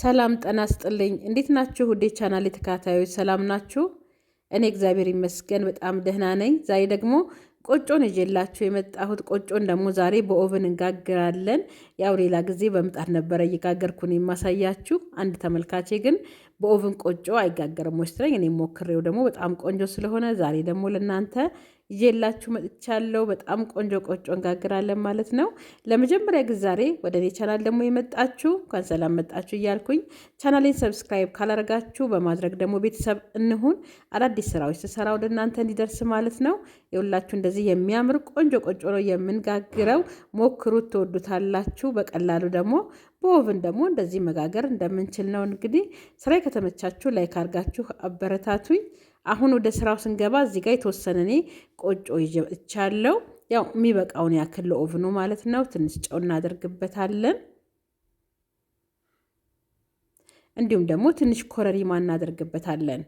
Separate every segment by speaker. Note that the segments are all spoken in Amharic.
Speaker 1: ሰላም ጠና ስጥልኝ እንዴት ናችሁ? ውዴ ቻናል የተከታታዮች ሰላም ናችሁ? እኔ እግዚአብሔር ይመስገን በጣም ደህና ነኝ። ዛሬ ደግሞ ቆጮን ይዤላችሁ የመጣሁት ቆጮን ደግሞ ዛሬ በኦቨን እንጋግራለን። ያው ሌላ ጊዜ በምጣድ ነበረ እየጋገርኩን የማሳያችሁ። አንድ ተመልካቼ ግን በኦቨን ቆጮ አይጋገርም ወስደኝ እኔ ሞክሬው ደግሞ በጣም ቆንጆ ስለሆነ ዛሬ ደግሞ ለእናንተ ይዤላችሁ መጥቻለሁ። በጣም ቆንጆ ቆጮ እንጋግራለን ማለት ነው። ለመጀመሪያ ጊዜ ዛሬ ወደ እኔ ቻናል ደግሞ የመጣችሁ እንኳን ሰላም መጣችሁ እያልኩኝ ቻናሌን ሰብስክራይብ ካላደረጋችሁ በማድረግ ደግሞ ቤተሰብ እንሁን። አዳዲስ ስራዎች ስሰራ ወደ እናንተ እንዲደርስ ማለት ነው። የሁላችሁ እንደዚህ የሚያምር ቆንጆ ቆጮ ነው የምንጋግረው። ሞክሩት፣ ትወዱታላችሁ። በቀላሉ ደግሞ በኦቭን ደግሞ እንደዚህ መጋገር እንደምንችል ነው። እንግዲህ ስራ ከተመቻችሁ ላይክ ካርጋችሁ አበረታቱኝ። አሁን ወደ ስራው ስንገባ እዚህ ጋር የተወሰነ እኔ ቆጮ ይቻለው ያው የሚበቃውን ያክል ለኦቭኑ ማለት ነው። ትንሽ ጨው እናደርግበታለን። እንዲሁም ደግሞ ትንሽ ኮረሪማ እናደርግበታለን።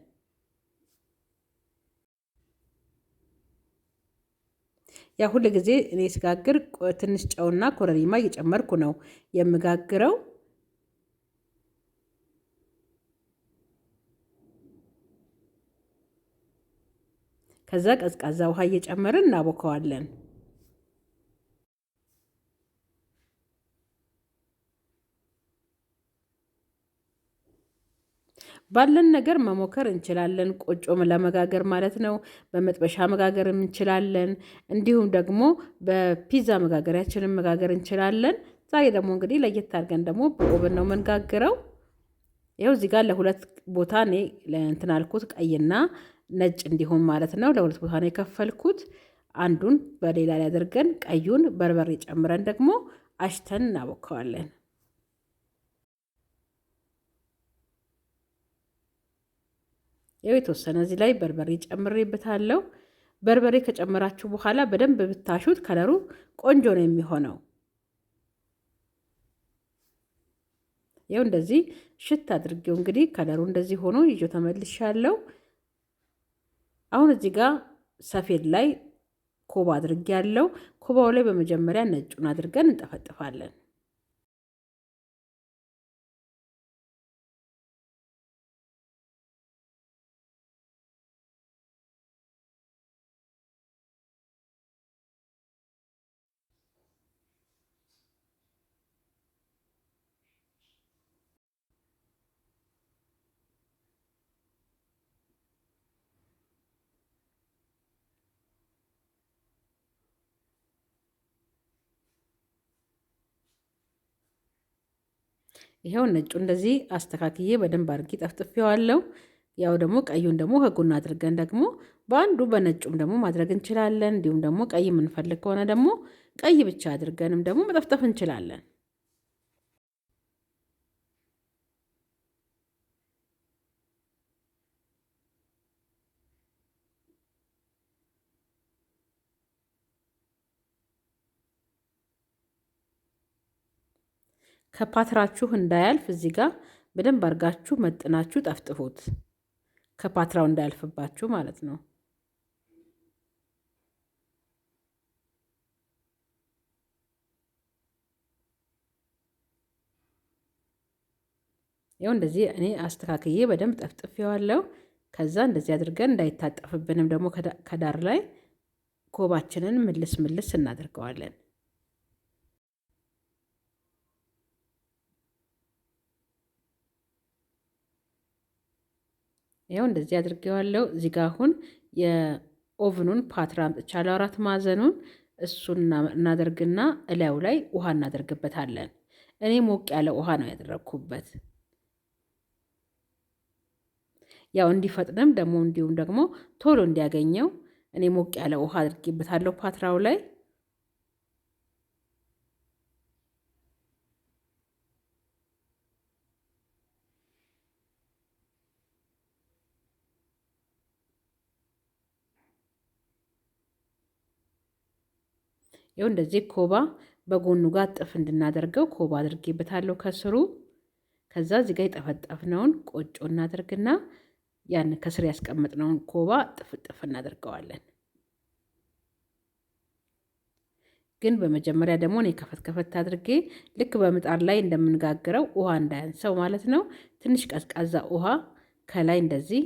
Speaker 1: ያ ሁል ጊዜ እኔ ስጋግር ትንሽ ጨውና ኮረሪማ እየጨመርኩ ነው የምጋግረው። ከዛ ቀዝቃዛ ውሃ እየጨመርን እናቦከዋለን። ባለን ነገር መሞከር እንችላለን። ቆጮም ለመጋገር ማለት ነው። በመጥበሻ መጋገርም እንችላለን። እንዲሁም ደግሞ በፒዛ መጋገሪያችንን መጋገር እንችላለን። ዛሬ ደግሞ እንግዲህ ለየት አድርገን ደግሞ በኦብን ነው የምንጋግረው። ይኸው እዚህ ጋር ለሁለት ቦታ እኔ እንትን አልኩት ቀይና ነጭ እንዲሆን ማለት ነው። ለሁለት ቦታ ነው የከፈልኩት። አንዱን በሌላ ላይ አድርገን ቀዩን በርበሬ ጨምረን ደግሞ አሽተን እናቦከዋለን። ያው የተወሰነ እዚህ ላይ በርበሬ ጨምሬበታለሁ። በርበሬ ከጨመራችሁ በኋላ በደንብ ብታሹት ከለሩ ቆንጆ ነው የሚሆነው። ይው እንደዚህ ሽት አድርጌው እንግዲህ ከለሩ እንደዚህ ሆኖ ይዞ ተመልሻለሁ። አሁን እዚህ ጋር ሰፌድ ላይ ኮባ አድርጌ ያለው ኮባው ላይ በመጀመሪያ ነጩን አድርገን እንጠፈጥፋለን። ይኸው ነጩ እንደዚህ አስተካክዬ በደንብ አድርጌ ጠፍጥፌዋለሁ። ያው ደግሞ ቀዩን ደግሞ ከጎን አድርገን ደግሞ በአንዱ በነጩም ደግሞ ማድረግ እንችላለን። እንዲሁም ደግሞ ቀይ የምንፈልግ ከሆነ ደግሞ ቀይ ብቻ አድርገንም ደግሞ መጠፍጠፍ እንችላለን። ከፓትራችሁ እንዳያልፍ እዚህ ጋር በደንብ አድርጋችሁ መጥናችሁ ጠፍጥፉት። ከፓትራው እንዳያልፍባችሁ ማለት ነው። ያው እንደዚህ እኔ አስተካክዬ በደንብ ጠፍጥፌዋለሁ። ከዛ እንደዚህ አድርገን እንዳይታጠፍብንም ደግሞ ከዳር ላይ ኮባችንን ምልስ ምልስ እናደርገዋለን። ይኸው እንደዚህ አድርጌዋለሁ። እዚህ ጋር አሁን የኦቭኑን ፓትራ አምጥቻለሁ፣ አራት ማዕዘኑን እሱን እናደርግና እላዩ ላይ ውሃ እናደርግበታለን። እኔ ሞቅ ያለ ውሃ ነው ያደረግኩበት። ያው እንዲፈጥንም ደግሞ እንዲሁም ደግሞ ቶሎ እንዲያገኘው እኔ ሞቅ ያለ ውሃ አድርጌበታለሁ ፓትራው ላይ ይኸው እንደዚህ ኮባ በጎኑ ጋር ጥፍ እንድናደርገው ኮባ አድርጌበታለሁ ከስሩ። ከዛ እዚህ ጋር የጠፈጠፍነውን ቆጮ እናደርግና ያን ከስር ያስቀመጥነውን ኮባ ጥፍ ጥፍ እናደርገዋለን። ግን በመጀመሪያ ደግሞ እኔ ከፈት ከፈት አድርጌ ልክ በምጣድ ላይ እንደምንጋግረው ውሃ እንዳያንሰው ማለት ነው። ትንሽ ቀዝቃዛ ውሃ ከላይ እንደዚህ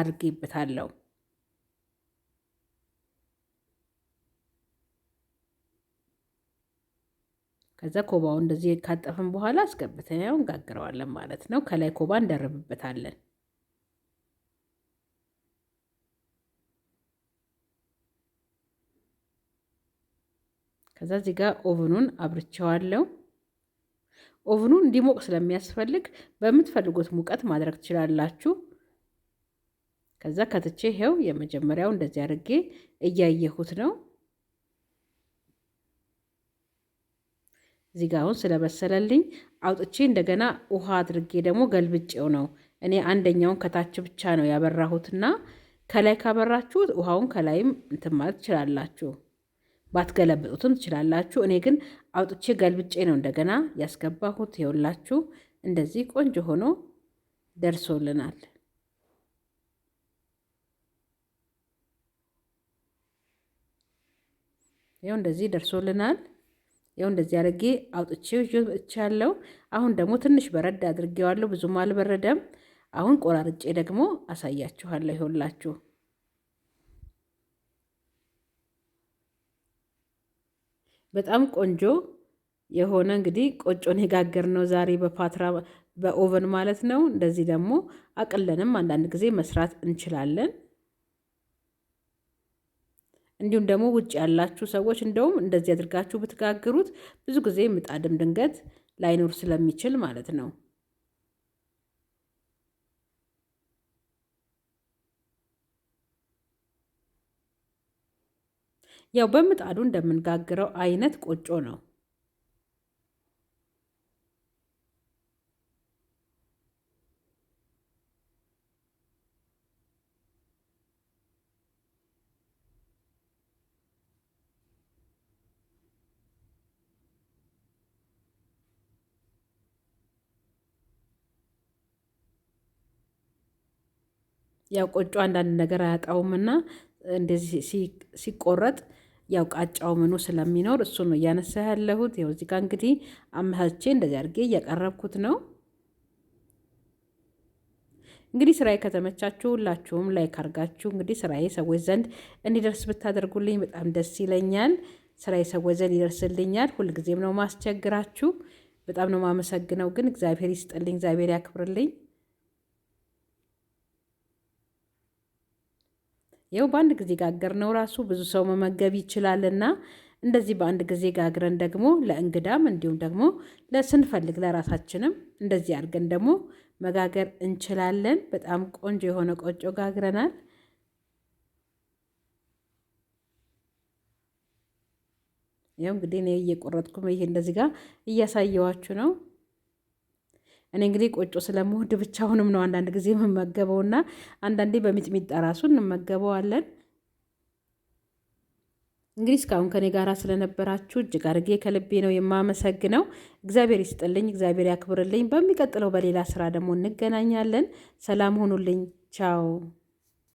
Speaker 1: አድርጌበታለሁ። ከዛ ኮባው እንደዚህ ካጠፍን በኋላ አስገብተን እንጋግረዋለን ማለት ነው። ከላይ ኮባ እንደርብበታለን። ከዛ እዚህ ጋር ኦቭኑን አብርቸዋለሁ። ኦቭኑን እንዲሞቅ ስለሚያስፈልግ በምትፈልጉት ሙቀት ማድረግ ትችላላችሁ። ከዛ ከትቼ ይኸው የመጀመሪያው እንደዚህ አድርጌ እያየሁት ነው። እዚህ ጋር አሁን ስለበሰለልኝ አውጥቼ እንደገና ውሃ አድርጌ ደግሞ ገልብጬው ነው። እኔ አንደኛውን ከታች ብቻ ነው ያበራሁትና ከላይ ካበራችሁት ውሃውን ከላይም እንትን ማለት ትችላላችሁ። ባትገለብጡትም ትችላላችሁ። እኔ ግን አውጥቼ ገልብጬ ነው እንደገና ያስገባሁት። ይኸውላችሁ እንደዚህ ቆንጆ ሆኖ ደርሶልናል። ይኸው እንደዚህ ደርሶልናል። ያው እንደዚህ አድርጌ አውጥቼ ይዤቻለሁ። አሁን ደግሞ ትንሽ በረድ አድርጌዋለሁ፣ ብዙም አልበረደም። አሁን ቆራርጬ ደግሞ አሳያችኋለሁ። ይሁላችሁ በጣም ቆንጆ የሆነ እንግዲህ ቆጮን የጋገር ነው ዛሬ በፓትራ በኦቨን ማለት ነው። እንደዚህ ደግሞ አቅለንም አንዳንድ ጊዜ መስራት እንችላለን። እንዲሁም ደግሞ ውጭ ያላችሁ ሰዎች እንደውም እንደዚህ አድርጋችሁ ብትጋግሩት ብዙ ጊዜ ምጣድም ድንገት ላይኖር ስለሚችል ማለት ነው። ያው በምጣዱ እንደምንጋግረው አይነት ቆጮ ነው። ያው ቆጮ አንዳንድ ነገር አያጣውምና እንደዚህ ሲቆረጥ ያው ቃጫው ምኑ ስለሚኖር እሱ ነው እያነሳ ያለሁት። ያው እዚጋ እንግዲህ አመሳቼ እንደዚህ አድርጌ እያቀረብኩት ነው። እንግዲህ ስራዬ ከተመቻችሁ ሁላችሁም ላይክ አርጋችሁ እንግዲህ ስራዬ ሰዎች ዘንድ እንዲደርስ ብታደርጉልኝ በጣም ደስ ይለኛል። ስራዬ ሰዎች ዘንድ ይደርስልኛል። ሁልጊዜም ነው ማስቸግራችሁ። በጣም ነው ማመሰግነው። ግን እግዚአብሔር ይስጥልኝ፣ እግዚአብሔር ያክብርልኝ። ይኸው በአንድ ጊዜ ጋገር ነው ራሱ ብዙ ሰው መመገብ ይችላልና እንደዚህ በአንድ ጊዜ ጋግረን ደግሞ ለእንግዳም እንዲሁም ደግሞ ለስንፈልግ ለራሳችንም እንደዚህ አድርገን ደግሞ መጋገር እንችላለን። በጣም ቆንጆ የሆነ ቆጮ ጋግረናል። ይኸው እንግዲህ እኔ እየቆረጥኩም ይሄ እንደዚህ ጋር እያሳየዋችሁ ነው። እኔ እንግዲህ ቆጮ ስለምወድ ብቻውንም ነው አንዳንድ ጊዜ የምመገበውና አንዳንዴ በሚጥሚጣ ራሱ እንመገበዋለን። እንግዲህ እስካሁን ከኔ ጋር ስለነበራችሁ እጅግ አድርጌ ከልቤ ነው የማመሰግነው። እግዚአብሔር ይስጥልኝ፣ እግዚአብሔር ያክብርልኝ። በሚቀጥለው በሌላ ስራ ደግሞ እንገናኛለን። ሰላም ሆኑልኝ ቻው